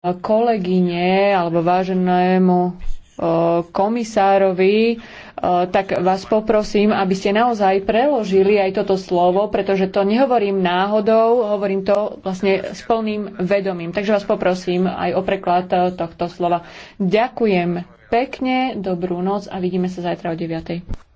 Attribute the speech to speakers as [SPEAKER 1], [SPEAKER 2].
[SPEAKER 1] kolegyne alebo váženému e, komisárovi, e, tak vás poprosím, aby ste naozaj preložili aj toto slovo, pretože to nehovorím náhodou, hovorím to vlastne s plným vedomím. Takže vás poprosím aj o preklad e, tohto slova. Ďakujem pekne, dobrú noc a vidíme sa zajtra o 9.